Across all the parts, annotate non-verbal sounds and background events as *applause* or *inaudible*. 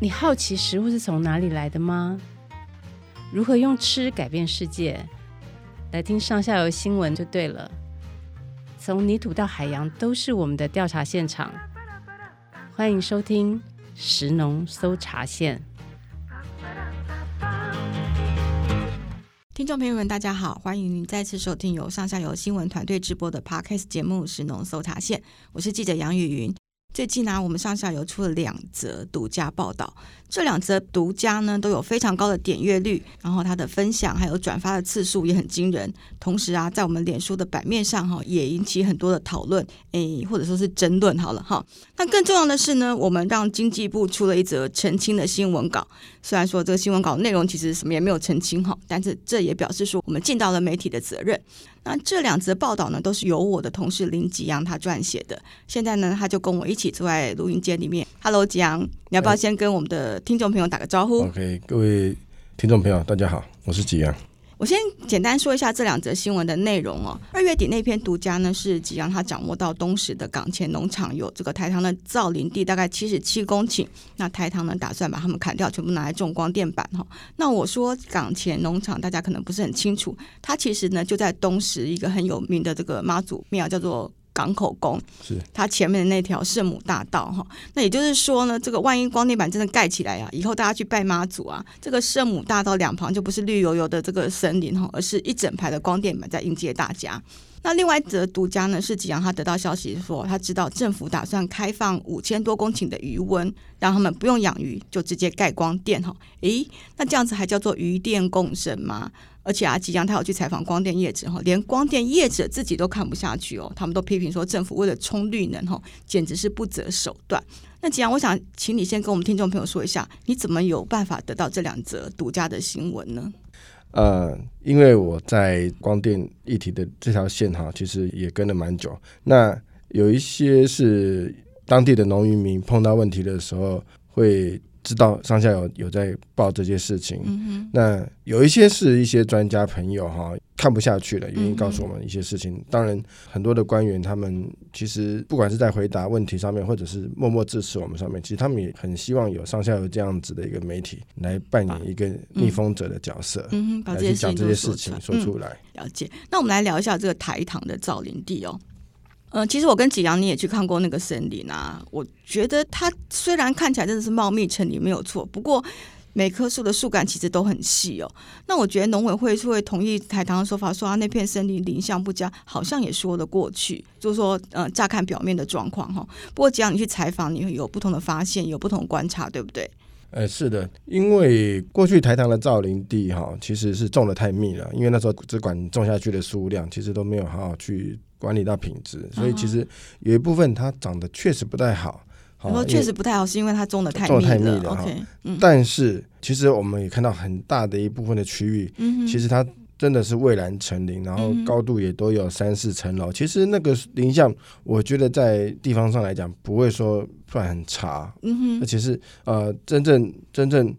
你好奇食物是從哪裡來的嗎？如何用吃改變世界？來聽上下游新聞就對了。從泥土到海洋，都是我們的調查現場。歡迎收聽《食農搜查線》。聽眾朋友們，大家好，歡迎您再次收聽由上下游新聞團隊直播的 Podcast 節目《食農搜查線》，我是記者楊語芸。最近呢，我們上下游出了兩則獨家報道，這兩則獨家呢都有非常高的點閱率，然後它的分享還有轉發的次數也很驚人。同時啊，在我們臉書的版面上哈，也引起很多的討論，誒，或者說是爭論。好了哈，那更重要的是呢，我們讓經濟部出了一則澄清的新聞稿。雖然說這個新聞稿內容其實什麼也沒有澄清哈，但是這也表示說我們盡到了媒體的責任。那這兩則報道呢，都是由我的同事林吉洋他撰寫的。現在呢，他就跟我一起坐在錄音間裡面。Hello，吉洋，你要不要先跟我們的聽眾朋友打個招呼？OK，各位聽眾朋友，大家好，我是吉洋。我先簡單說一下這兩則新聞的內容哦。二月底那篇獨家呢，是吉洋他掌握到東石的港前農場有這個台糖的造林地，大概七十七公頃。那台糖呢，打算把他們砍掉，全部拿來種光電板哈。那我說港前農場，大家可能不是很清楚，它其實呢就在東石一個很有名的這個媽祖廟，叫做。港口宮，是它前面的那條聖母大道哈，那也就是說呢，這個萬一光電板真的蓋起來啊，以後大家去拜媽祖啊，這個聖母大道兩旁就不是綠油油的這個森林哈，而是一整排的光電板在迎接大家。那另外一則獨家呢，是吉洋他得到消息說，他知道政府打算開放五千多公頃的漁塭，讓他們不用養魚，就直接蓋光電哈。誒，那這樣子還叫做魚電共生嗎？而且啊，吉洋他有去採訪光電業者，連光電業者自己都看不下去哦。他們都批評說，政府為了衝綠能，哈，簡直是不擇手段。那吉洋，我想請你先跟我們聽眾朋友說一下，你怎麼有辦法得到這兩則獨家的新聞呢？呃，因為我在光電議題的這條線，哈，其實也跟了蠻久。那有一些是當地的農漁民碰到問題的時候會知道上下游有在報這些事情、嗯，那有一些是一些專家朋友哈看不下去了，原因告訴我們一些事情。嗯、當然，很多的官員他們其實不管是在回答問題上面，或者是默默支持我們上面，其實他們也很希望有上下游這樣子的一個媒體來扮演一個逆風者的角色，啊、嗯來去講這些事情說出來、嗯。了解，那我們來聊一下這個台糖的造林地哦。嗯，其實我跟吉洋你也去看過那個森林啊，我覺得它雖然看起來真的是茂密成林沒有錯，不過每棵樹的樹幹其實都很細哦。那我覺得農委會會同意台糖的說法，說它那片森林林相不佳，好像也說得過去。就是說，呃，乍看表面的狀況哈、哦，不過吉洋你去採訪，你會有不同的發現，有不同的觀察，對不對？哎、呃，是的，因為過去台糖的造林地哈、哦，其實是種的太密了，因為那時候只管種下去的數量，其實都沒有好好去管理到品質，所以其實有一部分它長得確實不太好。哦，然後確實不太好，是因為它種的太密了，太密了。Okay，嗯。但是其實我們也看到很大的一部分的區域，嗯、其實它。真的是蔚然成林，然後高度也都有三、嗯、四層樓。其實那個林相我覺得在地方上來講，不會說算很差，嗯哼，而且是呃，真正真正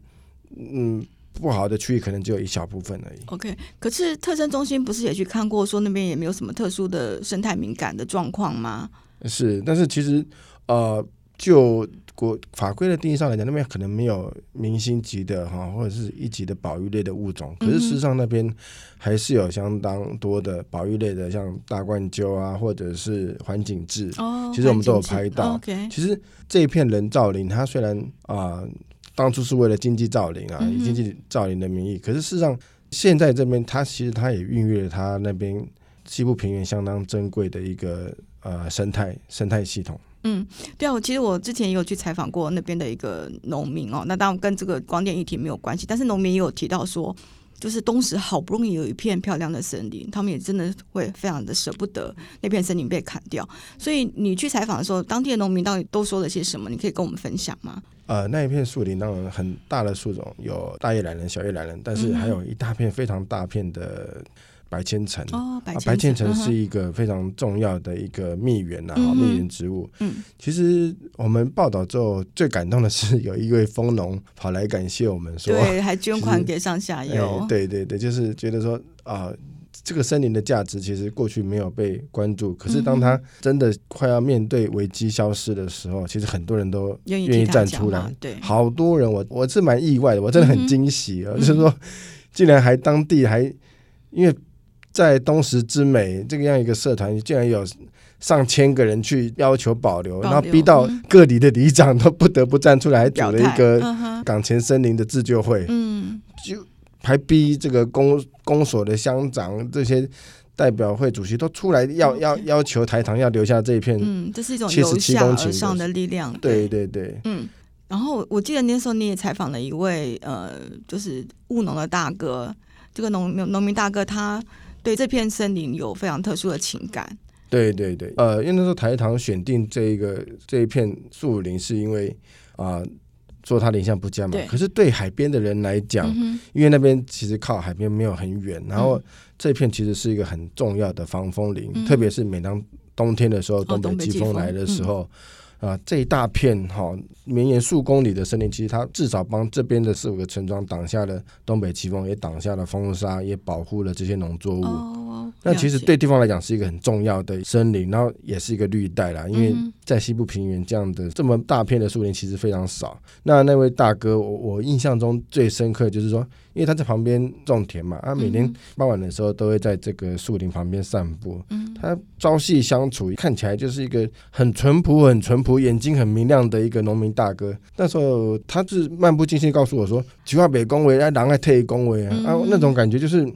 嗯不好的區域，可能只有一小部分而已。OK，可是特生中心不是也去看過，說那邊也沒有什麼特殊的生態敏感的狀況嗎？是，但是其實呃。就國法規的定義上來講，那邊可能沒有明星級的哈，或者是一級的保育類的物種。嗯、可是事實上，那邊還是有相當多的保育類的，像大冠鷲啊，或者是環頸雉。哦，其實我們都有拍到。哦 okay、其實這一片人造林，它雖然啊、呃，當初是為了經濟造林啊，以經濟造林的名義、嗯，可是事實上，現在這邊它其實它也孕育了它那邊西部平原相當珍貴的一個呃生態生態系統。嗯，對啊，我其實我之前也有去採訪過那邊的一個農民哦，那當然跟這個光電議題沒有關係，但是農民也有提到說，就是東石好不容易有一片漂亮的森林，他們也真的會非常的捨不得那片森林被砍掉，所以你去採訪的時候，當地的農民到底都說了些什麼？你可以跟我們分享嗎？呃，那一片樹林，當然很大的樹種有大葉欖仁、小葉欖仁，但是還有一大片非常大片的。嗯白千層、哦，白千層、啊、是一個非常重要的一個蜜源啊，嗯、蜜源植物。嗯，其實我們報道之後，最感動的是有一位蜂農跑來感謝我們說，說對，還捐款給上下游、哎。對對對，就是覺得說啊、呃，這個森林的價值其實過去沒有被關注，可是當他真的快要面對危機消失的時候、嗯，其實很多人都願意站出來意。對，好多人我，我我是蠻意外的，我真的很驚喜啊、嗯，就是說竟然還當地還因為。在東石之美這個樣一個社團，竟然有上千個人去要求保留，保留然後逼到各里的里長都不得不站出來，組了一個港前森林的自救會。嗯，就還逼這個公公所的鄉長這些代表會主席都出來要、嗯，要要要求台糖要留下這一片。嗯，這是一種七十七公頃上的力量。對對對，對，嗯。然後我記得那時候你也採訪了一位呃，就是務農的大哥，這個農農民大哥他。對這片森林有非常特殊的情感。對對對，呃，因為那時候台糖選定這一個這一片樹林，是因為啊，說、呃、它林相不佳嘛。對。可是對海邊的人來講、嗯，因為那邊其實靠海邊沒有很遠，然後這片其實是一個很重要的防風林，嗯、特別是每當冬天的時候，哦東北嗯、東北季風來的時候。嗯啊，這一大片哈、哦、綿延數公里的森林，其實它至少幫這邊的四五個村莊擋下了東北季風，也擋下了風沙，也保護了這些農作物。哦、那其實對地方來講是一個很重要的森林，然後也是一個綠帶啦，因為在西部平原這樣的這麼大片的樹林其實非常少。嗯、那那位大哥我，我我印象中最深刻的就是說，因為他在旁邊種田嘛，他、啊、每天傍晚的時候都會在這個樹林旁邊散步。嗯，他朝夕相處，看起來就是一個很淳樸、很淳樸、眼睛很明亮的一個農民大哥。那時候他是漫不經心地告訴我說：“菊花北宮圍啊，狼愛退宮圍啊。”啊，那種感覺就是。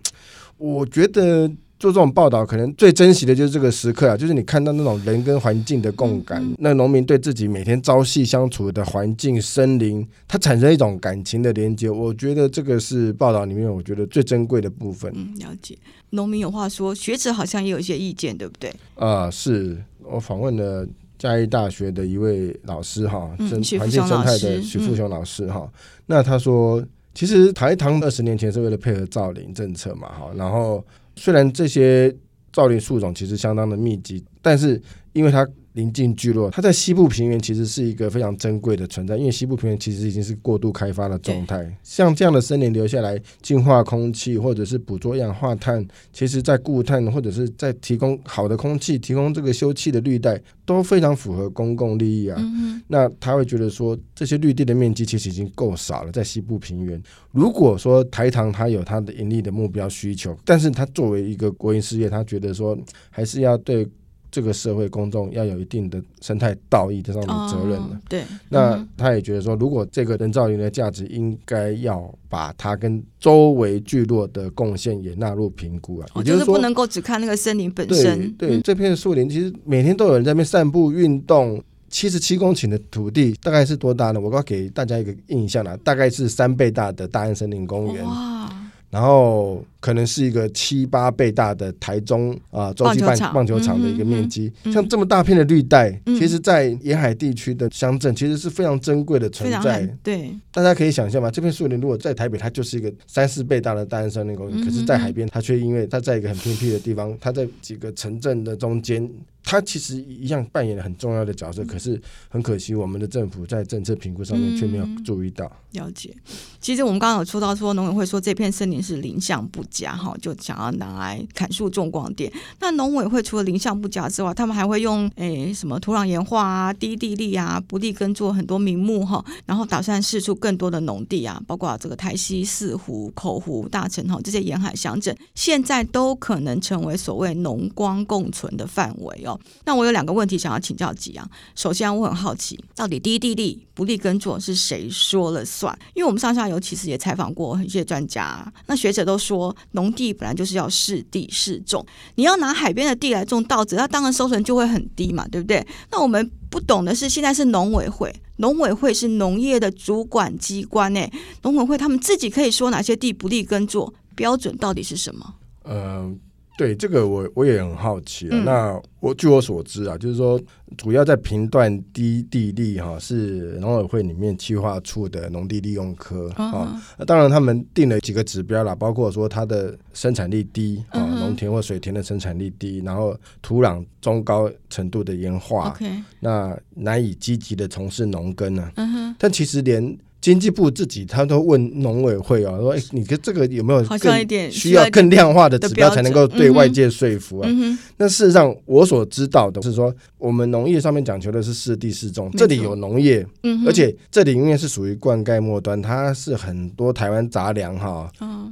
我覺得做這種報道，可能最珍惜的就是這個時刻啊，就是你看到那種人跟環境的共感，嗯、那農民對自己每天朝夕相處的環境、森林，他產生一種感情的連接。我覺得這個是報道裡面我覺得最珍貴的部分。嗯，了解。農民有話說，學者好像也有一些意見，對不對？啊、呃，是我訪問了嘉義大學的一位老師哈，生、嗯、環境生態的徐富雄老師哈、嗯嗯，那他說。其實台糖二十年前是為了配合造林政策嘛，哈，然後雖然這些造林樹種其實相當的密集，但是因為它臨近聚落，它在西部平原其實是一個非常珍貴的存在，因為西部平原其實已經是過度開發的狀態。哎、像這樣的森林留下來淨化空氣，或者是捕捉二氧化碳，其實在固碳或者是在提供好的空氣、提供這個休憩的綠帶，都非常符合公共利益啊、嗯。那他會覺得說，這些綠地的面積其實已經夠少了，在西部平原。如果說台糖它有它的盈利的目標需求，但是他作為一個國營事業，他覺得說還是要對。這個社會公眾要有一定的生態道義上的責任了、啊哦。對、嗯，那他也覺得說，如果這個人造林的價值，應該要把它跟周圍聚落的貢獻也納入評估啊也、哦。也就是不能夠只看那個森林本身對。對，這片樹林其實每天都有人在那邊散步運動。七十七公頃的土地大概是多大呢？我剛給大家一個印象啊，大概是三倍大的大安森林公園。哇，然後。可能是一個七八倍大的台中啊，洲際場、棒球場的一個面積、嗯嗯嗯，像這麼大片的綠帶、嗯，其實在沿海地區的鄉鎮，其實是非常珍貴的存在。對，大家可以想象吧，這片樹林如果在台北，它就是一個三四倍大的大安森林公園、嗯嗯嗯，可是，在海邊，它卻因為它在一個很偏僻的地方，它在幾個城鎮的中間，它其實一樣扮演很重要的角色。嗯、可是，很可惜，我們的政府在政策評估上面卻沒有注意到、嗯。了解，其實我們剛剛有說到說，說農委會說這片森林是林相不家哈就想要拿來砍樹種光電，那農委會除了林相不佳之外，他們還會用誒、欸、什麼土壤鹽化啊、低地力啊、不利耕作很多名目哈，然後打算釋出更多的農地啊，包括這個台西、四湖、口湖、大城哈這些沿海鄉鎮，現在都可能成為所謂農光共存的範圍哦。那我有兩個問題想要請教吉洋。首先我很好奇，到底低地力、不利耕作是誰說了算？因為我們上下游其實也採訪過一些專家，那學者都說。農地本來就是要適地適種，你要拿海邊的地來種稻子，它當然收成就會很低嘛，對不對？那我們不懂的是，現在是農委會，農委會是農業的主管機關誒，農委會他們自己可以說哪些地不利耕作，標準到底是什麼？嗯、呃。對這個我我也很好奇、啊嗯。那我據我所知啊，就是說主要在評斷低地力。哈，是農委會裡面企劃處的農地利用科、哦、啊、哦。當然他們定了幾個指標啦，包括說它的生產力低、嗯、啊，農田或水田的生產力低，然後土壤中高程度的鹽化、okay，那難以積極的從事農耕啊、嗯，但其實連。經濟部自己，他都問農委會啊，說：“哎、欸，你覺得這個有沒有更需要更量化的指標，才能夠對外界說服啊？”嗯嗯、那事實上，我所知道的是說。我們農業上面講求的是適地適種，這裡有農業、嗯，而且這裡應該是屬於灌溉末端，它是很多台灣雜糧哈，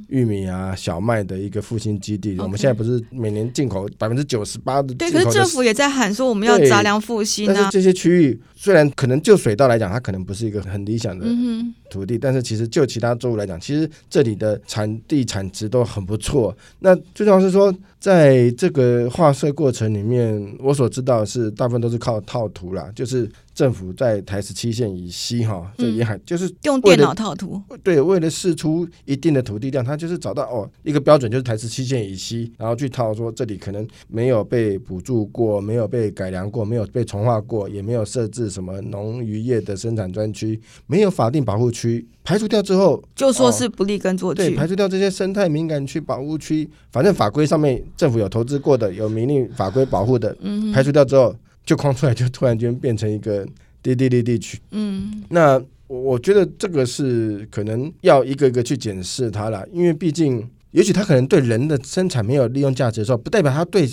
玉米啊，小麥的一個復興基地、嗯。我們現在不是每年進口百分之九十八的？對，可是政府也在喊說我們要雜糧復興呢、啊。這些區域雖然可能就水稻來講，它可能不是一個很理想的，嗯土地，但是其實就其他作物來講，其實這裡的產地產值都很不錯。那最重要是說，在這個劃設過程裡面，我所知道的是大部分都是靠套圖啦，就是。政府在台17線以西，哈，在沿海就是用電腦套圖，對，為了釋出一定的土地量，他就是找到哦一個標準，就是台17線以西，然後去套說這裡可能沒有被補助過，沒有被改良過，沒有被重劃過，也沒有設置什麼農漁業的生產專區，沒有法定保護區，排除掉之後，就說是不利耕作區、哦，對，排除掉這些生態敏感區、保護區，反正法規上面政府有投資過的，有明令法規保護的、啊，嗯，排除掉之後。就框出來，就突然間變成一個低地力地區。嗯，那我我覺得這個是可能要一個一個去檢視它啦，因為畢竟，也許它可能對人的生產沒有利用價值的時候，不代表它對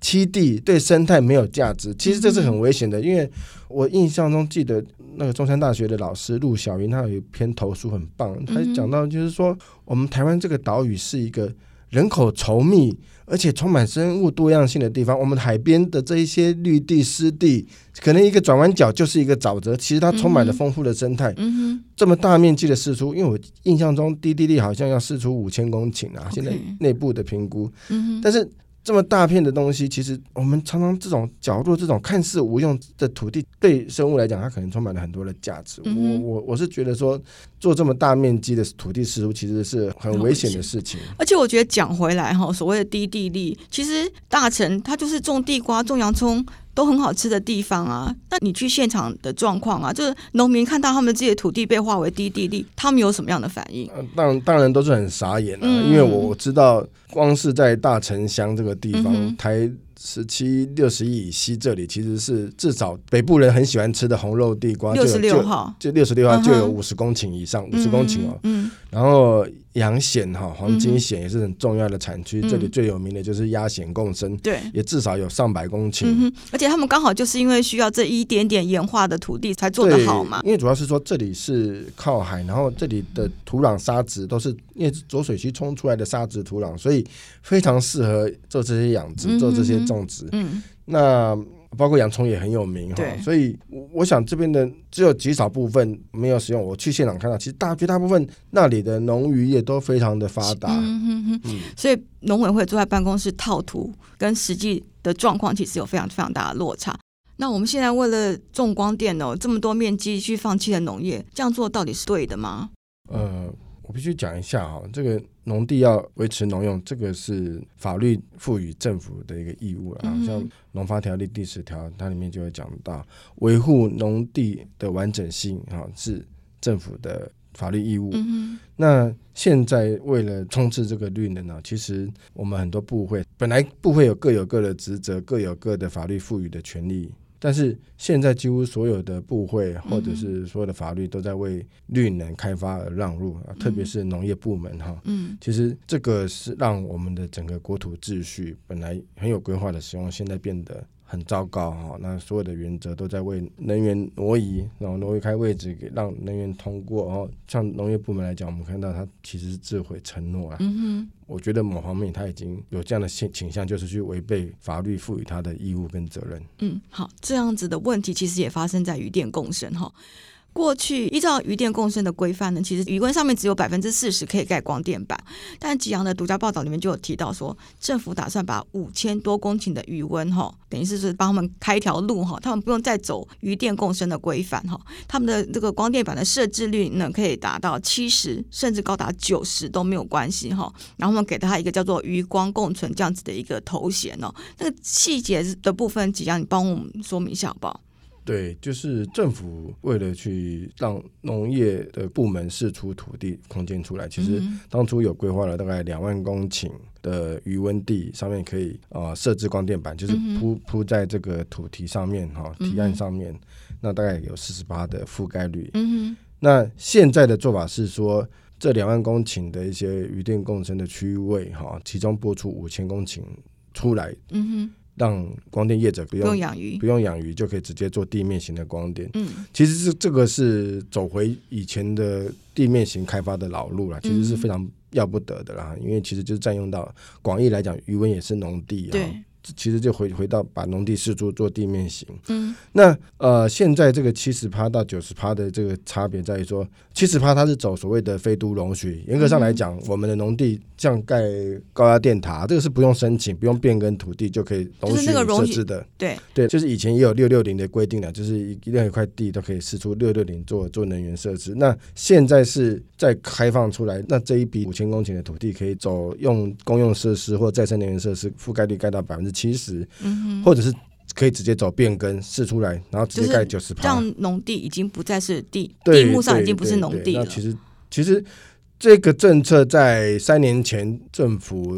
棲地、對生態沒有價值。其實這是很危險的。嗯嗯，因為我印象中記得那個中山大學的老師陸曉筠，他有一篇投書很棒，嗯嗯，他講到就是說，我們台灣這個島嶼是一個。人口稠密，而且充滿生物多樣性的地方，我們海邊的這一些綠地、濕地，可能一個轉彎角就是一個沼澤。其實它充滿了豐富的生態、嗯哼。這麼大面積的釋出，因為我印象中滴滴滴好像要釋出五千公頃啊，現在內部的評估、Okay。但是。嗯哼這麼大片的東西，其實我們常常這種角落、這種看似無用的土地，對生物來講，它可能充滿了很多的價值。嗯、我我我是覺得說，做這麼大面積的土地釋出其實是很危險的事情。而且我覺得講回來哈，所謂的低地力，其實大城他就是種地瓜、種洋蔥。都很好吃的地方啊，那你去現場的狀況啊，就是農民看到他們自己的土地被劃為低地力，他們有什麼樣的反應？當然當然都是很傻眼啊，嗯，因為我知道光是在大城鄉這個地方，嗯、台。十七六十一以西，這裡其實是至少北部人很喜歡吃的紅肉地瓜，就六十六號，就六十六號就有五十公頃以上，五十公頃哦。然後洋蜆哈，黃金蜆也是很重要的產區，這裡最有名的就是鴨蜆共生，對，也至少有上百公頃。而且他們剛好就是因為需要這一點點鹽化的土地才做得好嘛，因為主要是說這裡是靠海，然後這裡的土壤沙質都是。因為濁水溪沖出來的沙質土壤，所以非常適合做這些養殖、嗯哼哼、做這些種植。嗯，那包括洋蔥也很有名哈。對。所以我想這邊的只有極少部分沒有使用。我去現場看到，其實大絕大部分那裡的農漁業都非常的發達。嗯哼哼嗯。所以農委會坐在辦公室套圖，跟實際的狀況其實有非常非常大的落差。那我們現在為了種光電哦，這麼多面積去放棄了農業，這樣做到底是對的嗎？呃。我必須講一下啊，這個農地要維持農用，這個是法律賦予政府的一個義務了，嗯。像《農發條例》第十條，它裡面就會講到維護農地的完整性啊，是政府的法律義務。嗯、那現在為了衝刺這個綠能啊，其實我們很多部會本來部會有各有各的職責，各有各的法律賦予的權利。但是現在幾乎所有的部會或者是所有的法律都在為綠能開發而讓路，特別是農業部門哈。嗯，其實這個是讓我們的整個國土秩序本來很有規劃的時候，現在變得。很糟糕哈，那所有的原則都在為能源挪移，然後挪移開位置，讓能源通過。哦，像農業部門來講，我們看到它其實是自毀承諾啊。嗯哼，我覺得某方面它已經有這樣的傾傾向，就是去違背法律賦予它的義務跟責任。嗯，好，這樣子的問題其實也發生在漁電共生哈。哦過去依照漁電共生的規範呢，其實漁塭上面只有百分之四十可以蓋光電板。但吉洋的獨家報道裡面就有提到說，政府打算把五千多公頃的漁塭哈，等於是，是幫他們開一條路哈，他們不用再走漁電共生的規範哈，他們的這個光電板的設置率呢可以達到七十，甚至高達九十都沒有關係哈。然後我們給他一個叫做漁光共存這樣子的一個頭銜哦。那個細節的部分，吉洋你幫我們說明一下好不好？對，就是政府為了去讓農業的部門釋出土地空間出來，嗯、其實當初有規劃了大概兩萬公頃的魚塭地，上面可以啊、呃、設置光電板，就是鋪、嗯、鋪在這個土堤上面哈、哦，堤岸上面，嗯、那大概有四十趴的覆蓋率、嗯。那現在的做法是說，這兩萬公頃的一些漁電共生的區域哈、哦，其中撥出五千公頃出來。嗯讓光電業者不用，不用養魚，不用養魚就可以直接做地面型的光電。嗯，其實是這個是走回以前的地面型開發的老路了，其實是非常要不得的啦，嗯，因為其實就是占用到廣義來講，漁塭也是農地哦。對。其實就回回到把農地釋出做地面型。嗯。那呃，現在這個七十趴到九十趴的這個差別在於說，七十趴它是走所謂的非都容許，嚴格上來講、嗯，我們的農地像蓋高壓電塔，這個是不用申請、不用變更土地就可以。就是那個容許設置的。對對，就是以前也有六六零的規定了，就是一任意一塊地都可以釋出六六零做做能源設置。那現在是在開放出來，那這一筆五千公頃的土地可以走用公用設施或再生能源設施覆蓋率蓋到百分七十、嗯，或者是可以直接走變更釋出來，然後直接蓋九十，讓農、就是、地已經不再是地，對地目上已經不是農地了。對對對對，那其實，其實這個政策在三年前，政府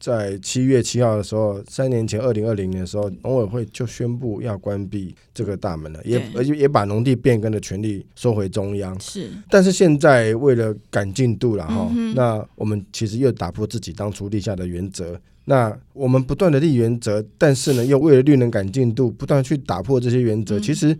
在七月七號的時候，三年前二零二零年的時候，農委會就宣布要關閉這個大門了，也而且也把農地變更的權利收回中央。是，但是現在為了趕進度了哈、嗯，那我們其實又打破自己當初立下的原則。那我們不斷的立原則，但是呢，又為了綠能趕進度，不斷去打破這些原則。嗯、其實，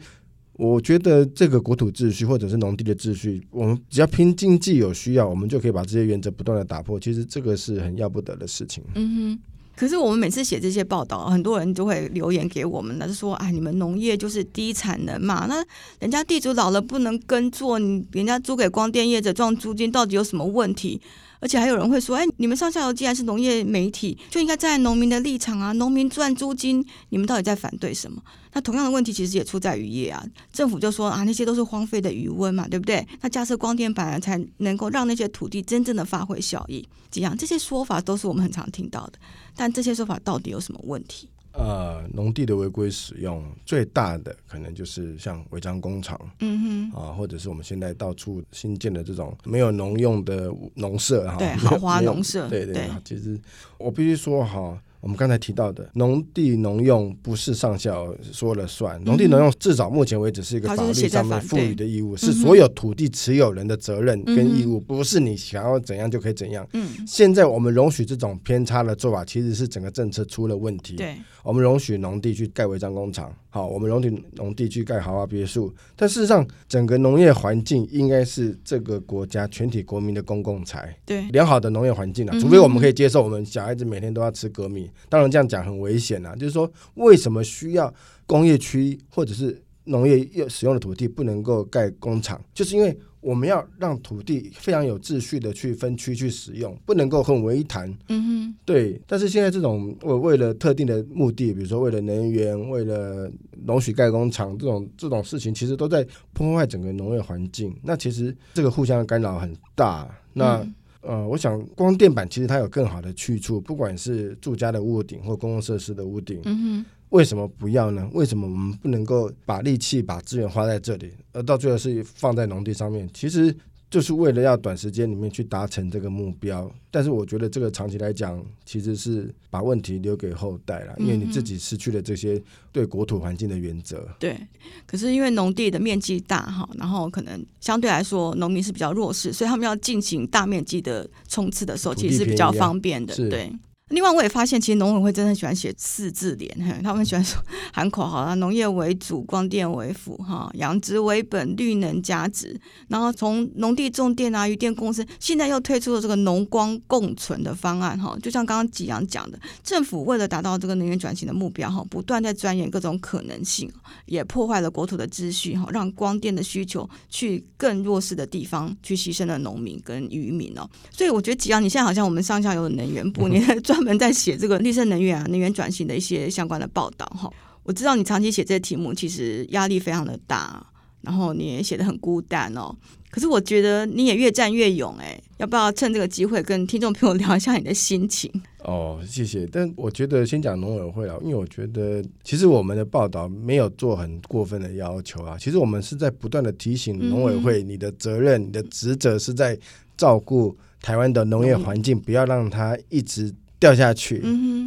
我覺得這個國土秩序或者是農地的秩序，我們只要拼經濟有需要，我們就可以把這些原則不斷的打破。其實這個是很要不得的事情。嗯哼。可是我們每次寫這些報道，很多人就會留言給我們就說啊，你們農業就是低產能嘛，那人家地主老了不能耕作，人家租給光電業者賺租金，到底有什麼問題？而且還有人會說：“哎、欸，你們上下游既然是農業媒體，就應該站在農民的立場啊！農民賺租金，你們到底在反對什麼？”那同樣的問題其實也出在漁業啊。政府就說：“啊，那些都是荒廢的漁塭嘛，對不對？”那架設光電板才能夠讓那些土地真正的發揮效益。這樣，這些說法都是我們很常聽到的。但這些說法到底有什麼問題？呃，農地的違規使用最大的可能就是像違章工廠，嗯哼，啊，或者是我們現在到處新建的這種沒有農用的農舍哈，對，豪華農舍，對對,對,對，其實我必須說哈。哦我們剛才提到的農地農用不是上校說了算，農、嗯、地農用至少目前為止是一個法律上面賦予的義務是，是所有土地持有人的責任跟義務，嗯、不是你想要怎樣就可以怎樣。嗯、現在我們容許這種偏差的做法，其實是整個政策出了問題。對，我們容許農地去蓋違章工廠。好，我們農地農地去蓋豪華別墅，但事實上，整個農業環境應該是這個國家全體國民的公共財。對，良好的農業環境啊，除非我們可以接受，我們小孩子每天都要吃鎘米。嗯、當然，這樣講很危險啊，就是說，為什麼需要工業區或者是農業使用的土地不能夠蓋工廠？就是因為。我們要讓土地非常有秩序的去分區去使用，不能夠混為一談。嗯哼，對。但是現在這種為為了特定的目的，比如說為了能源，為了容許蓋工廠這種這種事情，其實都在破壞整個農業環境。那其實這個互相干擾很大。那、嗯、呃，我想光電板其實它有更好的去處，不管是住家的屋頂或公共設施的屋頂。嗯哼。為什麼不要呢？為什麼我們不能夠把力氣、把資源花在這裡，而到最後是放在農地上面？其實就是為了要短時間裡面去達成這個目標。但是我覺得這個長期來講，其實是把問題留給後代了，因為你自己失去了這些對國土環境的原則。嗯、對。可是因為農地的面積大哈，然後可能相對來說農民是比較弱勢，所以他們要進行大面積的衝刺的時候，其實是比較方便的。對。另外，我也發現，其實農委會真的喜歡寫四字聯，他們喜歡說喊口號啊，農業為主，光電為輔，哈、哦，養殖為本，綠能加值。然後從農地種電啊，漁電共生，現在又推出了這個農光共存的方案，哈、哦，就像剛剛吉洋講的，政府為了達到這個能源轉型的目標，哈、哦，不斷在鑽研各種可能性，也破壞了國土的秩序，哈、哦，讓光電的需求去更弱勢的地方去犧牲了農民跟漁民哦。所以我覺得，吉洋，你現在好像我們上下游的能源部，你在轉。 *laughs* 他們在寫這個綠色能源啊、能源轉型的一些相關的報道哈。我知道你長期寫這題目，其實壓力非常的大，然後你也寫得很孤單哦。可是我覺得你也越戰越勇哎、欸，要不要趁這個機會跟聽眾朋友聊一下你的心情？哦，謝謝。但我覺得先講農委會啊，因為我覺得其實我們的報道沒有做很過分的要求啊。其實我們是在不斷的提醒農委會，你的責任、嗯、你的職責是在照顧台灣的農業環境、嗯，不要讓它一直。掉下去，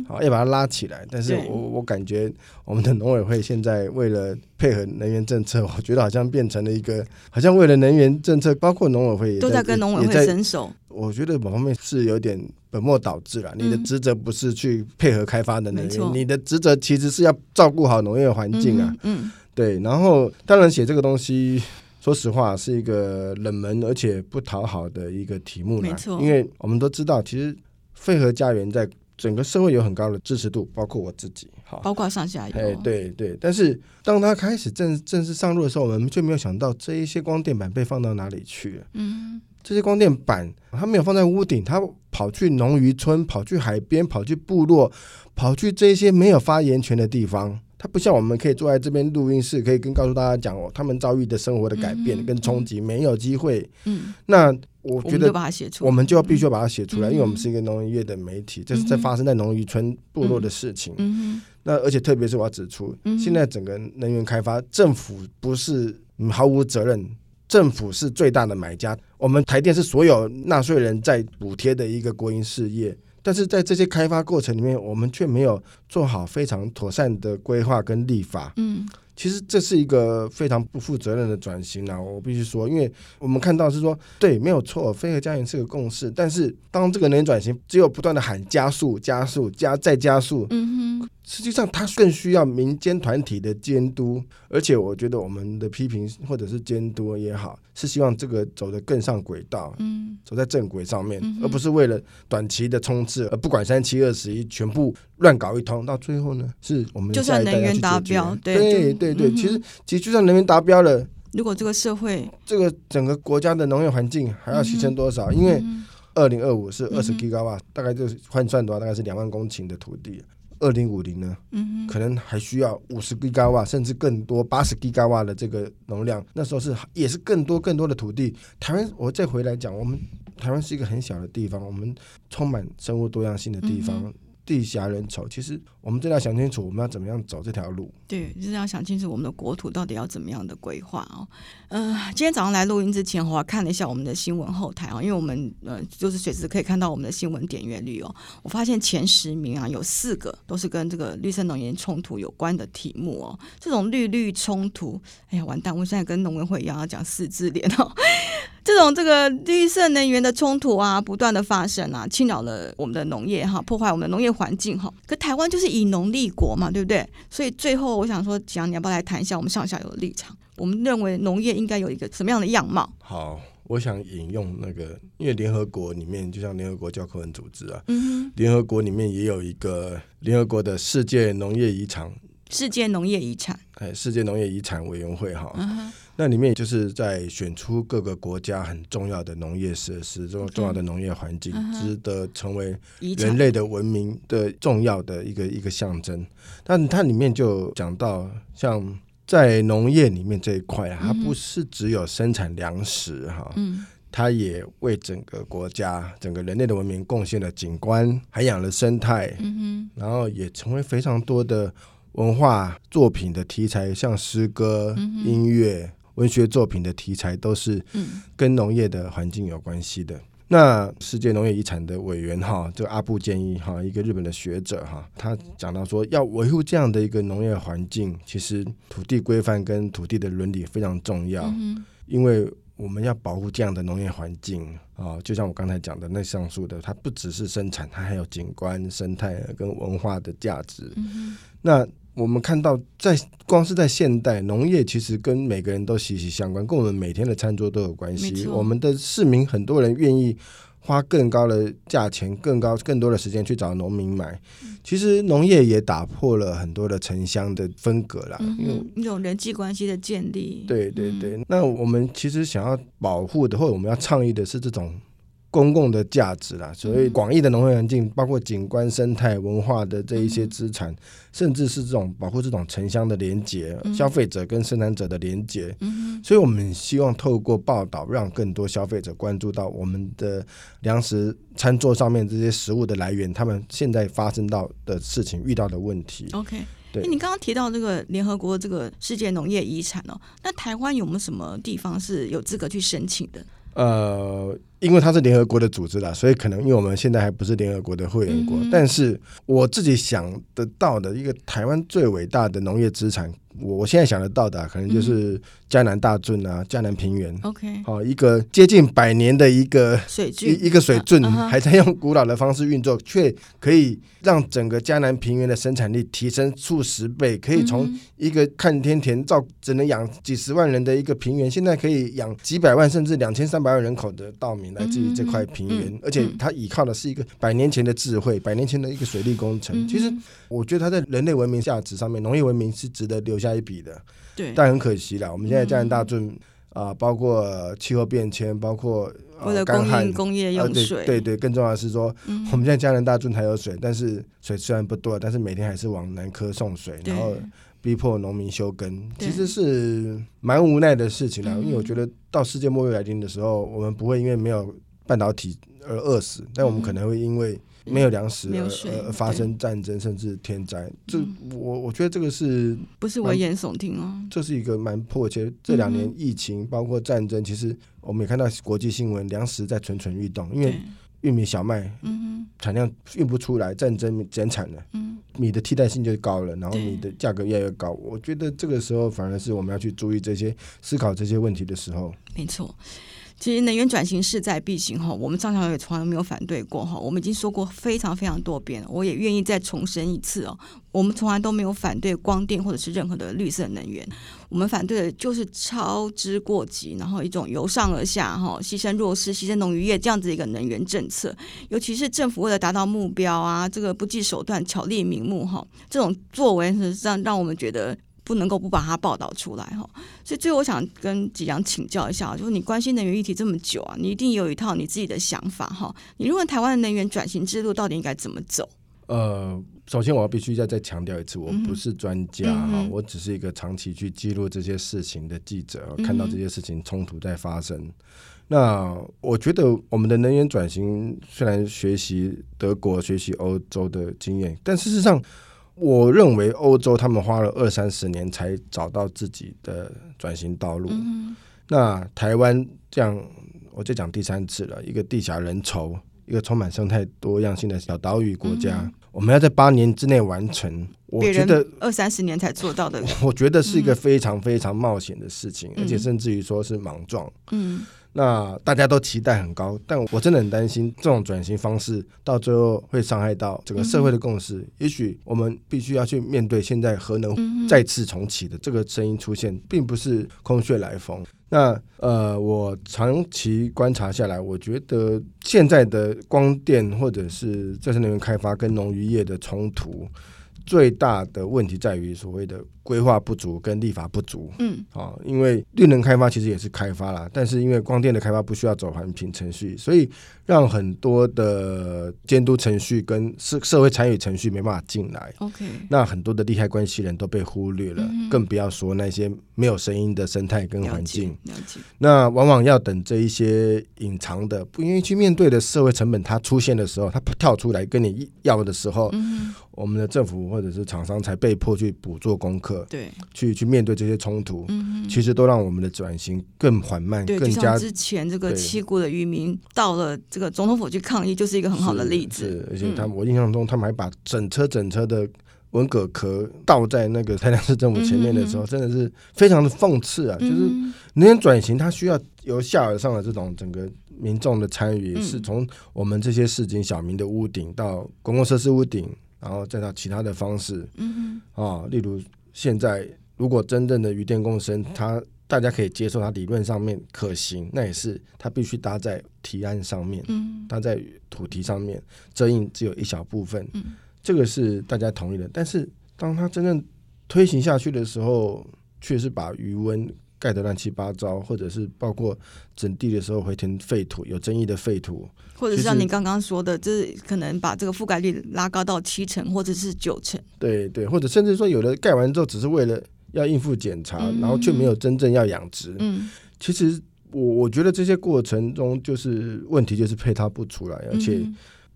好、嗯、要把它拉起來。但是我我感覺我們的農委會現在為了配合能源政策，我覺得好像變成了一個好像為了能源政策，包括農委會也在都在跟農委會伸手。在我覺得某方面是有點本末倒置了、嗯。你的職責不是去配合開發的能源，你的職責其實是要照顧好農業環境啊嗯。嗯，對。然後當然寫這個東西，說實話是一個冷門而且不討好的一個題目。沒錯，因為我們都知道，其實。非核家園在整個社會有很高的支持度，包括我自己，好，包括上下游。哎、hey，對對，但是當他開始正正式上路的時候，我們就沒有想到這一些光電板被放到哪裡去。嗯，這些光電板，他沒有放在屋頂，他跑去農漁村，跑去海邊，跑去部落，跑去這些沒有發言權的地方。他不像我們可以坐在這邊錄音室，可以跟告訴大家講哦，他們遭遇的生活的改變跟衝擊，嗯、沒有機會。嗯，那。我覺得我們就要必須要把它寫出來，因為我們是一個農業的媒體，這是在發生在農漁村部落的事情。那而且特別是我要指出，現在整個能源開發，政府不是毫無責任，政府是最大的買家。我們台電是所有納稅人在補貼的一個國營事業。但是在這些開發過程裡面，我們卻沒有做好非常妥善的規劃跟立法。嗯，其實這是一個非常不負責任的轉型啊！我必須說，因為我們看到是說，對，沒有錯，非核家園是個共識。但是當這個能源轉型，只有不斷的喊加速、加速、加再加速。嗯實際上，它更需要民間團體的監督，而且我覺得我們的批評或者是監督也好，是希望這個走得更上軌道，嗯，走在正軌上面、嗯，而不是為了短期的衝刺，而不管三七二十一，全部亂搞一通，到最後呢，是我們就算能源達標，對、嗯、對對對、嗯，其實其實就算能源達標了，如果這個社會這個整個國家的農業環境還要犧牲多少？嗯、因為二零二五是二十 GW，大概就是換算的話，大概是兩萬公頃的土地。二零五零呢、嗯，可能還需要五十 G 瓦甚至更多八十 G 瓦的這個容量，那時候是也是更多更多的土地。台灣，我再回來講，我們台灣是一個很小的地方，我們充滿生物多樣性的地方。嗯地狹人稠，其實我們真的要想清楚，我們要怎麼樣走這條路？對，就是要想清楚我們的國土到底要怎麼樣的規劃哦。嗯、呃，今天早上來錄音之前，我還看了一下我們的新聞後台啊，因為我們呃就是隨時可以看到我們的新聞點閱率哦。我發現前十名啊，有四個都是跟這個綠色農業衝突有關的題目哦。這種綠綠衝突，哎呀，完蛋！我現在跟農委會一樣要講四字臉哦。這種這個綠色能源的衝突啊，不斷的發生啊，侵擾了我們的農業哈，破壞我們的農業環境哈。可台灣就是以農立國嘛、嗯，對不對？所以最後我想說，吉洋，你要不要來談一下我們上下游的立場？我們認為農業應該有一個什麼樣的樣貌？好，我想引用那個，因為聯合國裡面，就像聯合國教科文組織啊，嗯哼，聯合國裡面也有一個聯合國的世界農業遺產，世界農業遺產，哎，世界農業遺產委員會哈。嗯那裡面就是在選出各個國家很重要的農業設施，這種重要的農業環境，值得成為人類的文明的重要的一個一個象徵。但它裡面就講到，像在農業裡面這一塊啊，它不是只有生產糧食哈，它也為整個國家整個人類的文明貢獻了景觀，涵養了生態，然後也成為非常多的文化作品的題材，像詩歌、音樂。文學作品的題材都是跟農業的環境有關係的。嗯，那世界農業遺產的委員哈，就阿布建議哈，一個日本的學者哈，他講到說，要維護這樣的一個農業環境，其實土地規範跟土地的倫理非常重要。嗯，因為我們要保護這樣的農業環境啊，就像我剛才講的那上述的，它不只是生產，它還有景觀、生態跟文化的價值。嗯，那。我們看到，在光是在現代農業，其實跟每個人都息息相關，跟我們每天的餐桌都有關係。我們的市民很多人願意花更高的價錢、更高、更多的時間去找農民買。嗯、其實農業也打破了很多的城鄉的分隔了、嗯，因為有人際關係的建立。對對對、嗯，那我們其實想要保護的，或者我們要倡議的是這種。公共的價值啦，所以廣義的農業環境包括景觀、生態、文化的這一些資產、嗯，甚至是這種保護這種城鄉的連接、嗯，消費者跟生產者的連接、嗯。所以我們希望透過報道，讓更多消費者關注到我們的糧食餐桌上面這些食物的來源，他們現在發生到的事情、遇到的問題。OK，對、欸、你剛剛提到這個聯合國這個世界農業遺產哦，那台灣有沒有什麼地方是有資格去申請的？嗯、呃。因為它是聯合國的組織啦，所以可能因為我們現在還不是聯合國的會員國，嗯、但是我自己想得到的一個台灣最偉大的農業資產，我我現在想得到的、啊、可能就是嘉南大圳啊，嘉、嗯、南平原，OK，哦，一個接近百年的一個水圳，一個水圳還在用古老的方式運作，啊、卻可以讓整個嘉南平原的生產力提升數十倍，可以從一個看天田照只能養幾十萬人的一個平原，現在可以養幾百萬甚至兩千三百萬人口的稻米。來自於這塊平原，嗯嗯嗯、而且它依靠的是一個百年前的智慧，百年前的一個水利工程。嗯嗯、其實，我覺得它在人類文明價值上面，農業文明是值得留下一筆的。對，但很可惜了，我們現在加拿大正啊、嗯呃，包括氣候變遷，包括乾旱、呃、工業用水，呃、對對，對，對，更重要的是說，嗯、我們現在嘉南大圳還有水，但是水雖然不多，但是每天還是往南科送水，然後。逼迫農民休耕，其實是蠻無奈的事情啦。因為我覺得到世界末日來臨的時候、嗯，我們不會因為沒有半導體而餓死，嗯、但我們可能會因為沒有糧食而有而發生戰爭，甚至天災。嗯、這我我覺得這個是不是危言聳聽哦？這是一個蠻迫切。這兩年疫情、嗯、包括戰爭，其實我們也看到國際新聞，糧食在蠢蠢欲動，因為玉米、小麥產量運不出來，戰爭減產了。嗯你的替代性就高了，然後你的價格越來越高。我覺得這個時候反而是我們要去注意這些、思考這些問題的時候。沒錯。其實能源轉型勢在必行哈，我們上下游也從來沒有反對過哈，我們已經說過非常非常多遍，我也願意再重申一次哦，我們從來都沒有反對光電或者是任何的綠色能源，我們反對的就是操之過急，然後一種由上而下哈，犧牲弱勢、犧牲農漁業這樣子一個能源政策，尤其是政府為了達到目標啊，這個不計手段巧立名目哈，這種作為是讓讓我們覺得。不能夠不把它報道出來哈，所以最後我想跟吉洋請教一下，就是你關心能源議題這麼久啊，你一定有一套你自己的想法哈。你認為台灣的能源轉型之路到底應該怎麼走？呃，首先我要必須要再強調一次，我不是專家哈、嗯嗯，我只是一個長期去記錄這些事情的記者，看到這些事情衝突在發生、嗯。那我覺得我們的能源轉型雖然學習德國、學習歐洲的經驗，但事實上。我認為歐洲他們花了二三十年才找到自己的轉型道路。嗯，那台灣這樣，我就講第三次了。一個地狹人稠、一個充滿生態多樣性的小島嶼國家、嗯，我們要在八年之內完成，我覺得二三十年才做到的，我覺得是一個非常非常冒險的事情、嗯，而且甚至於說是莽撞。嗯。那大家都期待很高，但我真的很擔心這種轉型方式到最後會傷害到整個社會的共識。嗯、也許我們必須要去面對現在核能再次重啟的這個聲音出現，並不是空穴來風。那呃，我長期觀察下來，我覺得現在的光電或者是再生能源開發跟農漁業的衝突，最大的問題在於所謂的。規劃不足跟立法不足，嗯，啊，因為綠能開發其實也是開發啦，但是因為光電的開發不需要走環評程序，所以讓很多的監督程序跟社社會參與程序沒辦法進來。OK，那很多的利害關係人都被忽略了，嗯、更不要說那些沒有聲音的生態跟環境。了解，那往往要等這一些隱藏的、不願意去面對的社會成本它出現的時候，它跳出來跟你要的時候、嗯，我們的政府或者是廠商才被迫去補做功課。對，去去面對這些衝突、嗯，其實都讓我們的轉型更緩慢，更加之前這個七股的漁民到了這個總統府去抗議，就是一個很好的例子、嗯。而且他們，我印象中，他們還把整車整車的文革殼倒在那個台南市政府前面的時候，嗯、哼哼真的是非常的諷刺啊、嗯！就是那些轉型，它需要由下而上的這種整個民眾的參與，嗯、是從我們這些市井小民的屋頂到公共設施屋頂，然後再到其他的方式，嗯啊、哦，例如。現在，如果真正的漁電共生，它大家可以接受，它理論上面可行，那也是它必須搭在堤岸上面，嗯、搭在土堤上面，遮蔭只有一小部分、嗯，這個是大家同意的。但是，當它真正推行下去的時候，卻是把漁塭。蓋得亂七八糟，或者是包括整地的時候回填廢土，有爭議的廢土，或者像你剛剛說的，就是可能把這個覆蓋率拉高到七成或者是九成。對對，或者甚至說，有的蓋完之後只是為了要應付檢查，嗯，然後卻沒有真正要養殖。嗯，其實我我覺得這些過程中，就是問題就是配套不出來，嗯，而且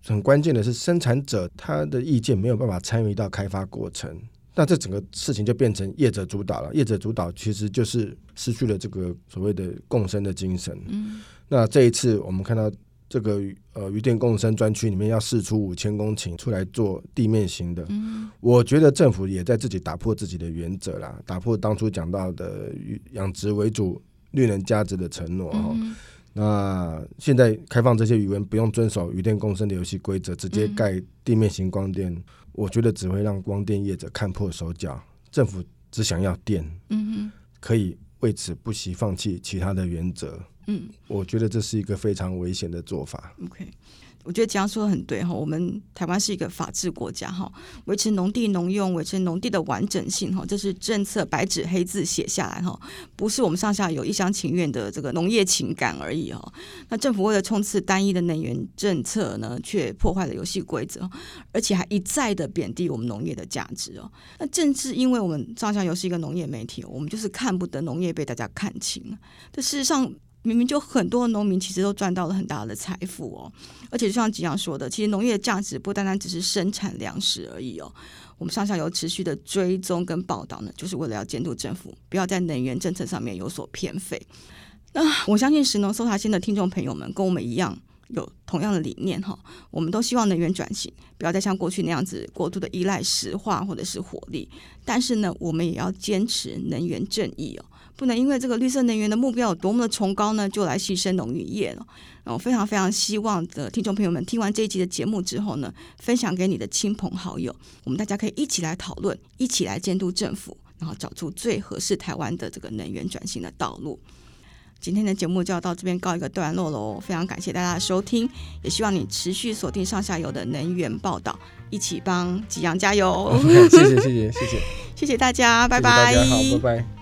很關鍵的是，生產者他的意見沒有辦法參與到開發過程。那這整個事情就變成業者主導了，業者主導，其實就是失去了這個所謂的共生的精神，嗯。那這一次我們看到這個呃漁電共生專區裡面要釋出五千公頃出來做地面型的，嗯，我覺得政府也在自己打破自己的原則啦，打破當初講到的養殖為主、綠能加值的承諾。嗯那現在開放這些漁塭不用遵守漁電共生的遊戲規則，直接蓋地面型光電，嗯，我覺得只會讓光電業者看破手腳。政府只想要電，嗯，可以為此不惜放棄其他的原則，嗯，我覺得這是一個非常危險的做法。OK。我覺得江說的很對哈，我們台灣是一個法治國家哈，維持農地農用，維持農地的完整性哈，這是政策白紙黑字寫下來哈，不是我們上下游一廂情願的這個農業情感而已哈。那政府為了衝刺單一的能源政策呢，却破壞了遊戲規則，而且還一再的貶低我們農業的價值哦。那正是因為我們上下游是一個農業媒體，我們就是看不得農業被大家看輕。但事實上。明明就很多農民其實都賺到了很大的財富哦，而且就像吉洋說的，其實農業價值不單單只是生產糧食而已哦。我們上下游持續的追蹤跟報道呢，就是為了要監督政府不要在能源政策上面有所偏廢。那我相信食農搜查線的聽眾朋友們跟我們一樣有同樣的理念哈、哦，我們都希望能源轉型，不要再像過去那樣子過度的依賴石化或者是火力，但是呢，我們也要堅持能源正義哦。不能因為這個綠色能源的目標有多麼的崇高呢，就來犧牲農漁業了。然後非常非常希望的、呃、聽眾朋友們聽完這一集的節目之後呢，分享給你的親朋好友，我們大家可以一起來討論，一起來監督政府，然後找出最合適台灣的這個能源轉型的道路。今天的節目就要到這邊告一個段落嘍，非常感謝大家的收聽，也希望你持續鎖定上下游的能源報道，一起幫吉洋加油。謝謝謝謝謝謝 *laughs* 謝謝大家，拜拜。謝謝大家好，拜拜。